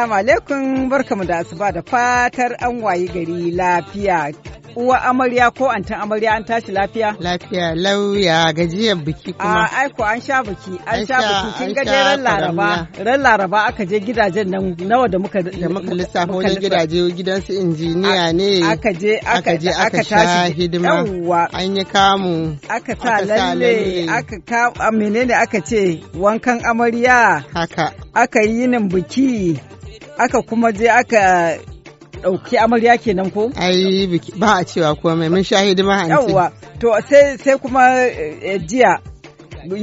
Assalamu alaikum barkamu da asuba da fatar an wayi gari lafiya. Uwa amarya ko antan amarya an tashi lafiya? Lafiya lauya gajiyar biki kuma. A aiko an sha biki, an sha biki kin ga ran Laraba, ran Laraba aka je gidajen nan nawa da muka da muka lissafa wajen gidaje gidan su injiniya ne. Aka je aka je aka tashi hidima. Yawwa. An yi kamu. Aka ta lalle, aka ka menene aka ce wankan amarya. Haka. Aka yi nan biki. aka kuma je aka dauki amarya kenan ko? Ai ba a cewa komai mun shahidi ma hanci. Yawwa to sai kuma eh, jiya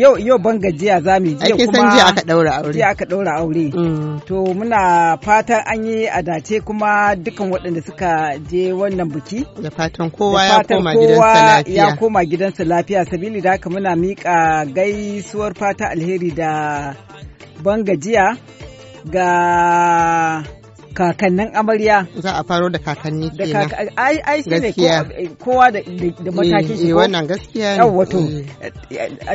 yau yau ban gajiya za mu jiya kuma san jiya aka daura aure jiya aka daura aure mm. to muna fatan an yi a dace kuma dukan waɗanda suka je wannan biki da fatan kowa ya koma gidansa lafiya ya koma gidansa lafiya sabili da haka muna miƙa gaisuwar fata alheri da ban gajiya ga kakannin amarya za a faro da kakanni kenan ai ai shine eh, kowa da da matakin shi eh, eh, wannan gaskiya ne yawa to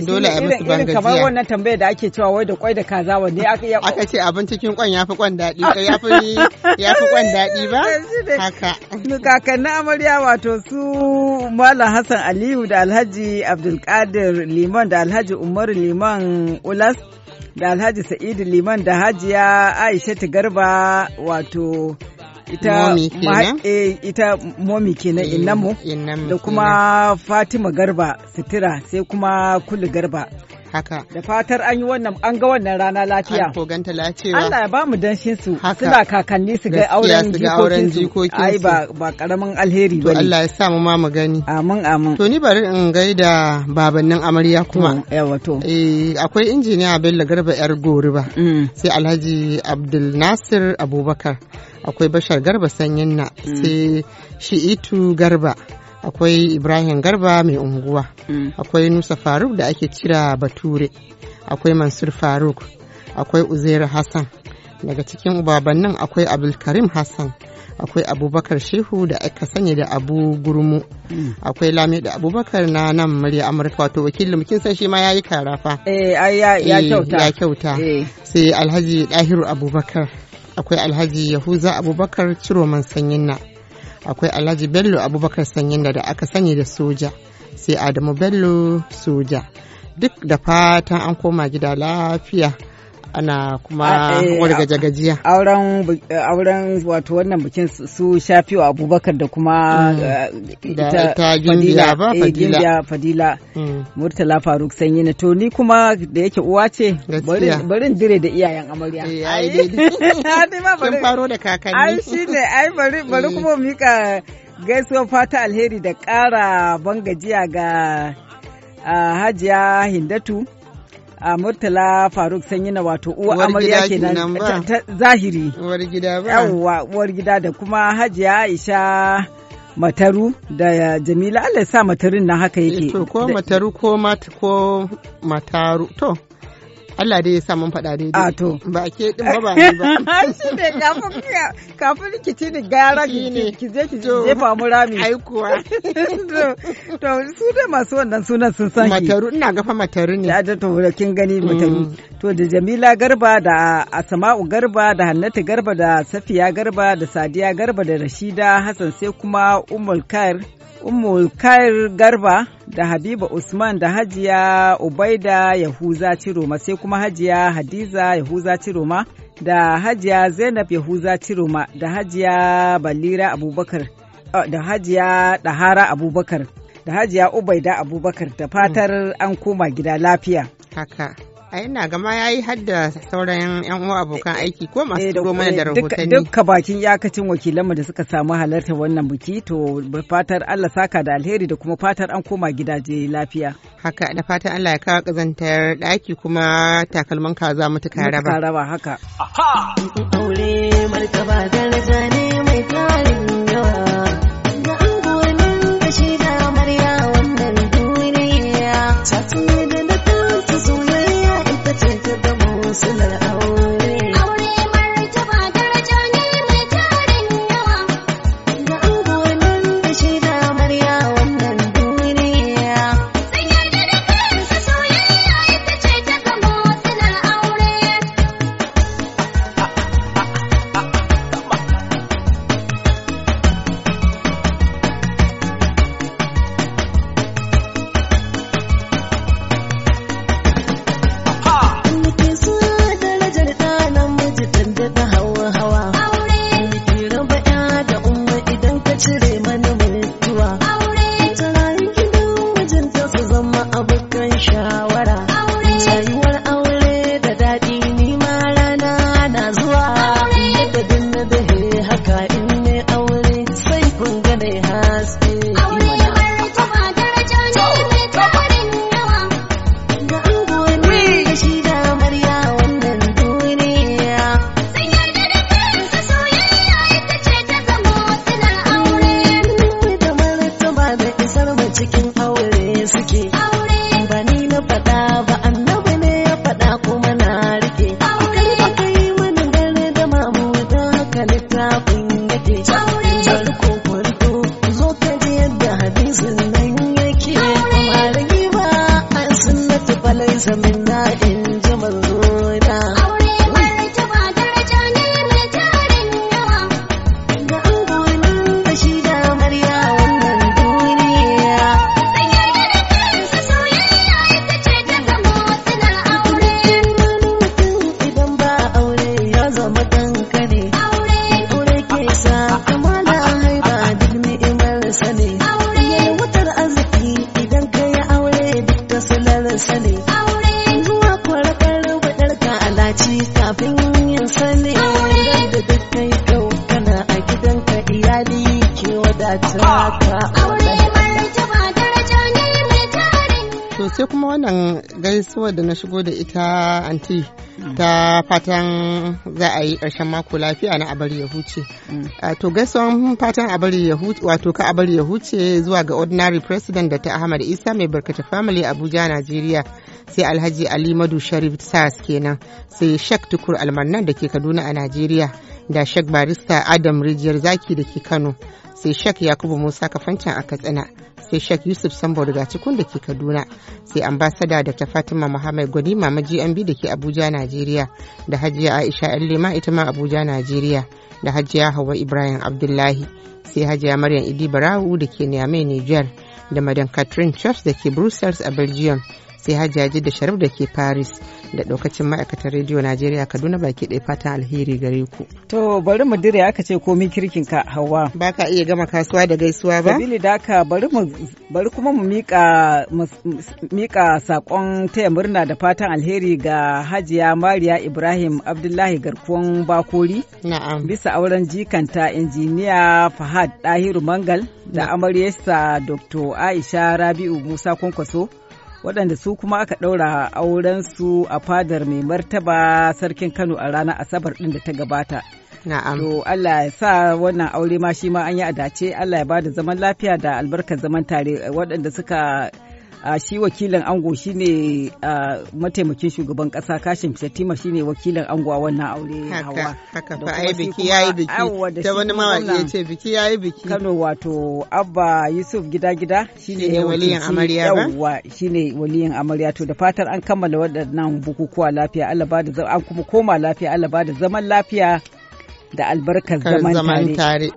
dole a musu gaskiya kamar wannan tambaya da ake cewa wai da kwai da kaza wanne aka ya aka ce abin cikin kwan yafi kwan dadi yafi yafi kwan dadi ba haka kakannin amarya wato su malam Hassan Aliyu da Alhaji Abdulkadir Liman da Alhaji Umar Liman Ulas da alhaji sa'idu liman da hajiya aisha garba wato ita eh, ita momi kenan eh, innamu da kuma fatima garba sitira sai kuma kulu garba haka da fatar an yi wannan an ga wannan rana lafiya to ganta lafiya Allah ya ba danshin su suna kakanni su ga auren jikokin su ai ba ba karamin alheri bane to Allah ya sa mu ma mu gani amin amin to ni bari in gaida babannin amarya kuma yawa to eh akwai injiniya Bello Garba yar Goriba mm. sai Alhaji Abdul Nasir Abubakar akwai Bashar Garba Sanyin na mm. sai Shi'itu Garba akwai ibrahim garba mai unguwa hmm. akwai nusa faruk da ake cira bature akwai mansur faruk akwai uzair hassan daga cikin ubabannin akwai abdulkarim hassan akwai abubakar shehu da aka sanya da abu gurmu hmm. akwai lami da abubakar na nan murya amurka wato wakilin mukin san shi ma ya yi karafa eh, eh, ya kyauta eh. sai alhaji dahiru abubakar akwai alhaji yahuza abubakar ciro man sanyin na akwai alhaji bello abubakar sanyin da aka sani da soja sai adamu bello soja duk da fatan an koma gida lafiya ana kuma wargaje eh, gajiya auren auren wato wannan bikin su shafi wa abubakar da kuma mm. eh, ita fadila ba eh, fadila fadila mm. murtala faruk sanyi na to ni kuma da yake uwa ce barin dire da iyayen amarya ai dai faro da kakanni ai shine ai bari bari kuma mika gaisuwar fata alheri da ban bangajiya ga ah, hajiya hindatu a murtala faruk sanyi na wato uwa amarya kenan zahiri uwar gida uwar gida da kuma hajiya aisha mataru da jamila allah sa matarin na haka yake eh, to ko mataru ko mat ko mataru to Allah dai ya sa mun faɗa daidai. A to. Ba ke ɗin ba ba ni ba. Shi ne kafin kafin ki ci ni gara ki ki je ki je fa mu rami. Ai kuwa. To su da masu wannan sunan sun san ki. Mataru ina gafa mataru ne. Ya to kin gani mataru. Mm. To da Jamila Garba da Asma'u Garba da Hannatu Garba da Safiya Garba da Sadiya Garba da Rashida Hassan sai kuma Ummul Kar. Ummu Kair Garba da Habiba Usman da Hajiya Ubaida Yahuza Ciroma sai kuma Hajiya Hadiza Yahuza Ciroma da Hajiya Zainab Yahuza Ciroma da Hajiya Balira Abubakar da Hajiya Dahara Abubakar da Hajiya Ubaida Abubakar da fatar an koma gida lafiya. a ina gama ya yi hadda sauran yan uwa abokan aiki ko masu tuko eh, mana da rahotanni dukka bakin yakacin wakilanmu da suka samu halarta wannan biki to fatar Allah saka da alheri da kuma fatar an koma gidaje lafiya haka da fatan Allah ya kawo kazantar daki kuma takalman kaza mutuka raba raba haka aha aure markaba ne mai tarin yawa saboda da na shigo da ita anti mm. ta fatan za a yi ƙarshen mako lafiya na abar ya huce. Mm. To gaisuwan fatan abar ya huce wato ka abar ya huce zuwa ga ordinary president da ta Ahmad Isa mai barkata family Abuja Najeriya sai Alhaji Ali Madu Sharif Sars kenan sai Shek Tukur Almannan da ke Kaduna a Najeriya da Shek Barista Adam Rijiyar Zaki da ke Kano sai Shek Yakubu Musa Kafancan a Katsina. sai Sheikh Yusuf Sambo daga cikin da ke Kaduna sai ambasada da ta Fatima Muhammad Gwani mama GMB da ke Abuja Najeriya da Hajiya Aisha lema ita ma Abuja Najeriya da Hajiya Hawa Ibrahim Abdullahi sai Hajiya Maryam Idi Barawu da ke Niamey Niger da Madam Catherine Chops da ke Brussels a Belgium sai hajjaji da sharif da ke paris da ɗaukacin ma'aikatar rediyo najeriya kaduna baki ɗaya fatan alheri gare ku to bari mu dire aka ce komi kirkin ka hawa ba ka iya gama kasuwa da gaisuwa ba sabili da ka bari kuma mu miƙa mika sakon taya murna da fatan alheri ga hajiya mariya ibrahim abdullahi garkuwan bakori na'am bisa auren jikanta injiniya fahad dahiru mangal da amaryarsa dr aisha rabi'u musa kwankwaso waɗanda su kuma aka ɗaura aurensu a fadar mai martaba sarkin Kano a ranar Asabar ɗin da ta gabata. Na'am. To Allah ya sa wannan aure ma shi ma an yi a dace Allah ya ba da zaman lafiya da albarkar zaman tare waɗanda suka a shi wakilin ango shine a mataimakin shugaban kasa kashim shatima shine wakilin ango a wannan aure hawa haka fa ai biki yayi biki ta wani mawaki yace biki yayi biki Kano wato Abba Yusuf gida gida shine ne waliyin amarya ba yawa shine waliyin amarya to da fatar an kammala waɗannan bukukuwa lafiya Allah ba da an kuma koma lafiya Allah ba da zaman lafiya da albarkar zaman tare.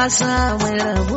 ka samu rabo.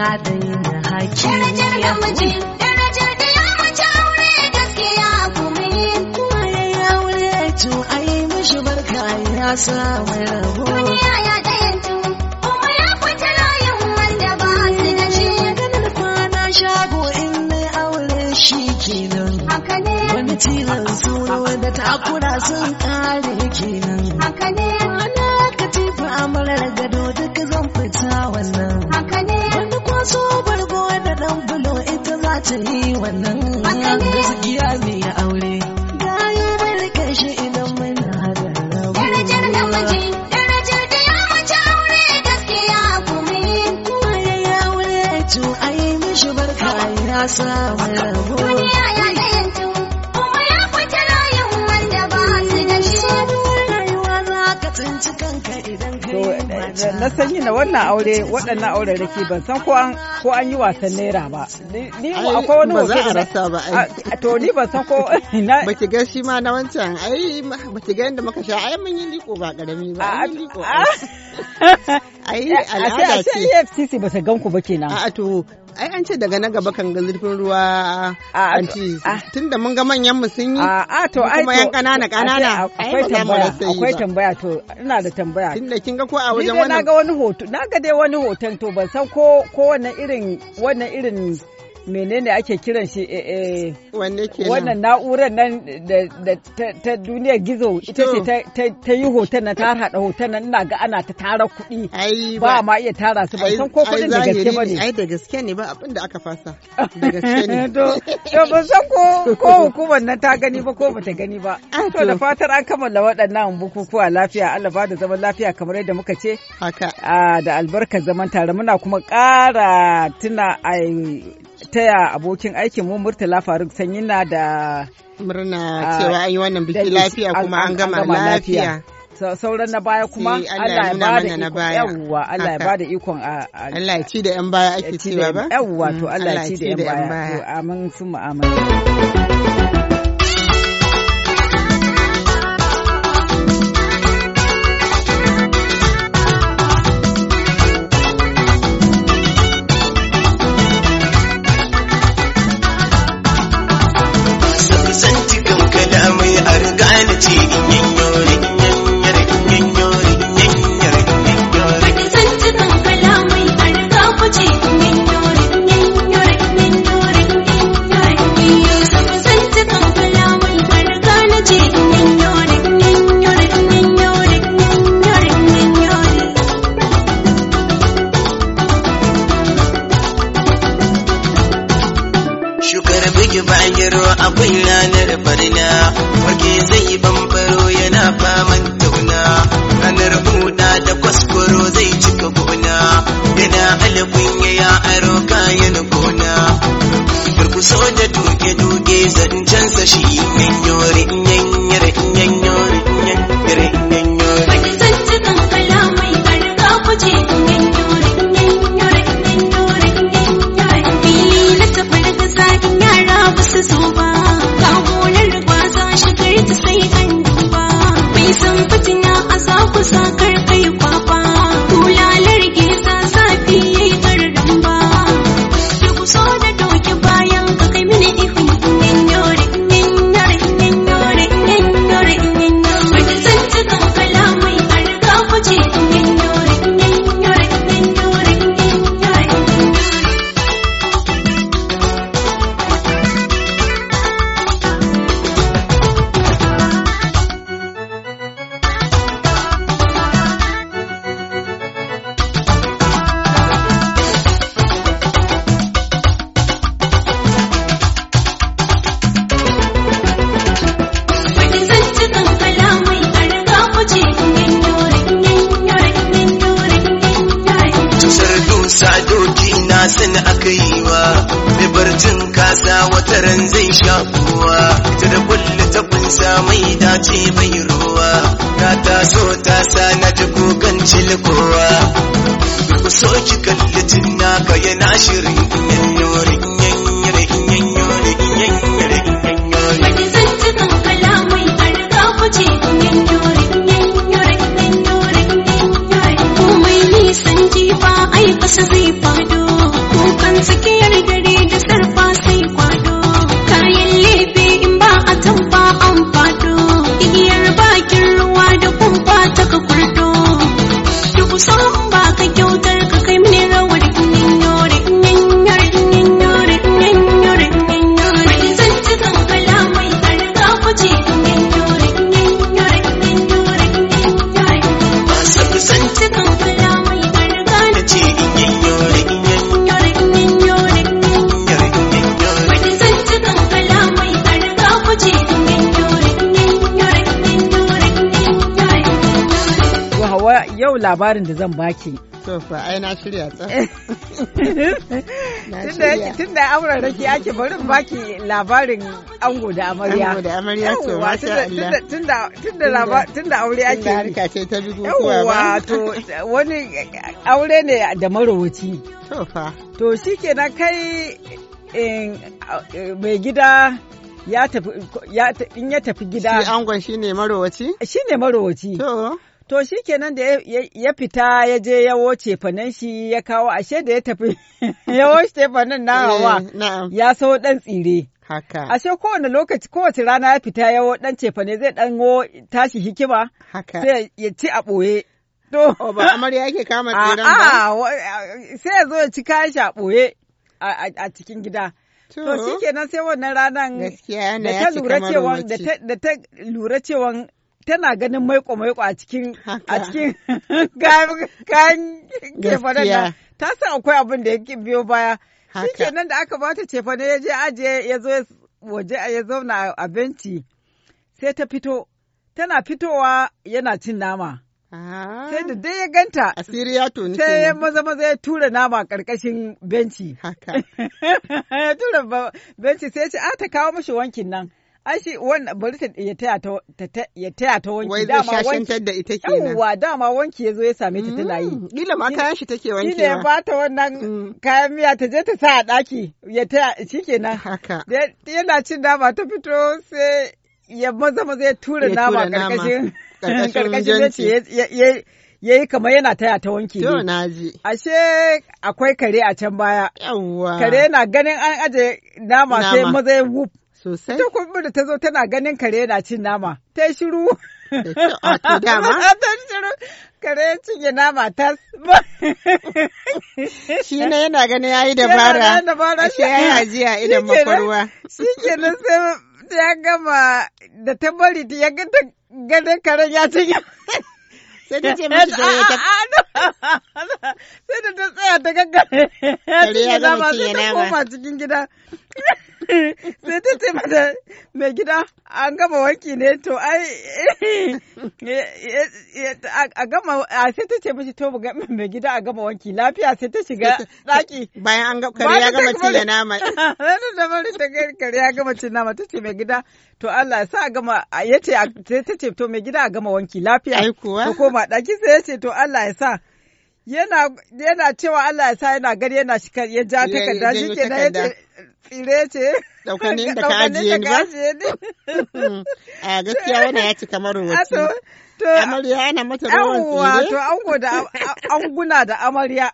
abin da haƙi ya Darajar gaskiya Kuma barka ya samu rabo. Duniya ya ɗayantu, kuma ya layin wanda ba su da shi. kwana shago in ne aure shi kenan. Haka ne. Wani da takura sun ƙare kenan. Haka ne. Wani katifa amarar gado duka zan fita wannan. so bargo da dan bulo ita za ta yi wannan gaskiya ne ya aure gayo barka shi idan mun hada darajar da mace darajar da ya mace aure gaskiya kuma kuma ya aure to ai mishi barka ya samu rabo na san na wannan aure waɗannan aure da ke ban san ko an yi wasan naira ba ni akwai wani ba za a rasa ba ai to ni ban san ko ba ki shi ma na wancan ai ba ki ga da muka sha ai mun yi liko ba karami ba a yi liko ai al'ada ce a ce afcc ba ta gan ku ba kenan a to ai an ce daga na gaba kan ga zurfin ruwa ah, anti ah. da mun ga manyan mu sun yi a ah, to ai kuma yan kanana kanana akwai tambaya akwai tambaya to ina da tambaya tunda kin ga ko a wajen wannan na ga wani hoto na ga dai wani hoton to ban san ko ko wannan irin wannan irin menene ake kiran shi eh, eh. wannan na'urar nan ta duniya gizo ita ce ta yi hoton na ta hada hoton nan ina ga ana ta tara kuɗi ba ma iya tara su ba san ko kuɗin da gaske ba ne ai da gaske ne ba abin da aka fasa da gaske ne to ban san ko ko hukumar nan ta gani ba ko bata gani ba ah, to da fatar an kammala waɗannan bukukuwa lafiya Allah ba da zaman lafiya kamar yadda muka ce haka ah, da albarkar zaman tare muna kuma ƙara tuna ai taya abokin aikin mu Murtala Faruk Sanyina da murna ah, cewa an yi wannan biki lafiya kuma an gama lafiya. sauran na baya kuma eh, Allah ya bada ikon yawwa Allah ya bada ikon a Allah ya ci da yan baya ake cewa ba yawwa to mm. Allah ya ci da yan baya amin sun mu ce mai ruwa na taso ta sa na ji kukan cilikowa ku so ki kalli jinna ka yana shirin yanyori yanyori yanyori yanyori Wani zan zai fado labarin da zan baki. Tofa, ai na shirya tsaf. Tun da da ke ake barin baki labarin ango da amarya. Ango da amarya to masha Allah. Tun da aure ake. Tun da harka ce ta bukukuwa ba. Yawwa to wani aure ne da marowaci. Tofa. To shi kenan kai eh, mai gida ya tafi in ya tafi gida. Shi angon shi ne marowaci? Shi ne marowaci. To. To shi kenan da ya fita ya je ya woce fanan shi ya kawo ashe da ya tafi ya woce fanan na eh, hawa ya sau dan tsire. Haka. Ashe kowane lokaci kowace rana ya fita ya wo dan cefane zai dan wo tashi hikima. Haka. Sai ya ci a ɓoye. To. Ba amarya yake kama tsiran ba. Sai ya zo ya ci kayan shi a ɓoye a cikin gida. To shi kenan sai wannan ranar da ta lura cewa tana ganin maiko maiko a cikin a cikin kayan kefanen nan ta san akwai abin da yake biyo baya shi nan da aka bata cefane ya je ajiye ya zo waje ya zauna a benci sai ta fito tana fitowa yana cin nama ah. sai da dai ya ganta asiri ya tuni sai ya maza maza ya tura nama karkashin benci haka ya tura benci sai ya ce a ah, ta kawo mashi wankin nan Ashi wannan bari ta ya taya ta wanki. Wai zai shashantar da ita kenan. Yauwa dama wanki ya zo ya same ta tana yi. Mm, kila ma kayan shi take wankewa. Kila ya bata wannan mm. kayan miya ta je ta sa a daki ya taya shi kenan. Haka. Yana cin nama ta fito sai ya maza maza ya tura nama karkashin. Karkashin ya yi kamar yana taya ta wanki ne. na ji. Ashe akwai kare a can baya. Yauwa. Kare na ganin an aje nama sai maza ya wuf. Sosai. Ta kuma da ta zo tana ganin kare yana cin nama. Ta yi shiru. Ta ah, dama? Ta shiru. Kare ya cinye nama tas. Shi ne yana ganin ya yi dabara. Yana Shi ya yi ajiya idan makwarwa. Shi nan sai ya gama da ta bari ya ga ganin karen ya cinye. sai ta ce mishi da ta ah, ah, sai da ta tsaya ta gaggara. kare ya zama sai ta koma cikin gida sai ta ce mata mai gida an gama wanki ne to ai a gama a sai ta ce mishi to mai gida a gama wanki lafiya sai ta shiga daki bayan an gama kare ya gama cin nama ranar da bari ta kare ya gama cin nama ta ce mai gida to Allah sa a gama ya ce ta ce to mai gida a gama wanki lafiya kuwa ko ma daki sai ya ce to Allah ya sa yana cewa Allah ya sa yana gari yana shikar ya ja takarda shi ke na yace tsire ce daukanin da ka ajiye ni ba a gaskiya wannan ya ci kamar rubutu amarya ana mata ruwan tsire to ango da anguna da amarya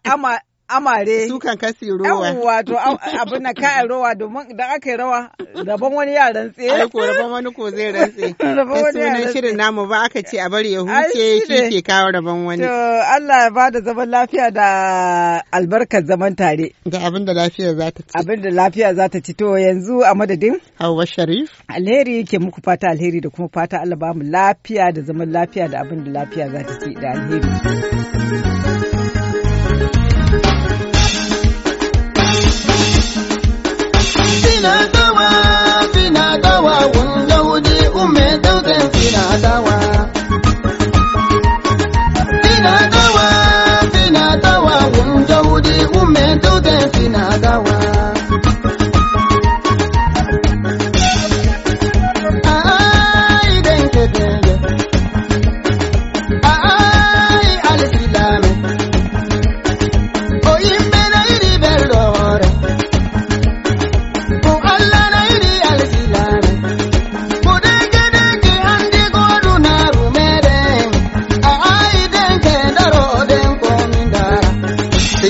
amare su kan kasi rowa wato abin na ka'a rowa domin idan aka yi rawa rabon wani ya rantse ai ko rabon wani ko zai rantse rabon wani sunan shirin namu ba aka ce a bari ya huce ki ke kawo rabon wani to Allah ya bada zaman lafiya da albarkar zaman tare da abin da lafiya za ta ci abin da lafiya za ta ci to yanzu a madadin Hauwa Sharif alheri ke muku fata alheri da kuma fata Allah ba mu lafiya da zaman lafiya da abin da lafiya za ta ci da alheri dawa fina dawa wun lauje ume daudan fina dawa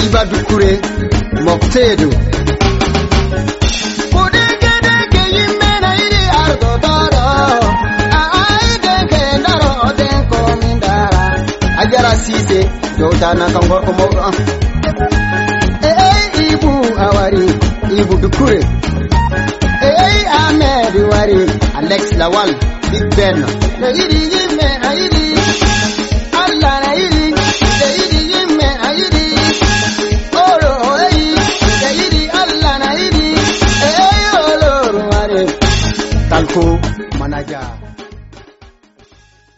Iba Dukure Moktedu Kudege dege yimena ili ardo doro Aai dege daro mindara Ajara na ibu awari Ibu Dukure Ei Ahmed awari, Alex Lawal Big Ben Na iri yimena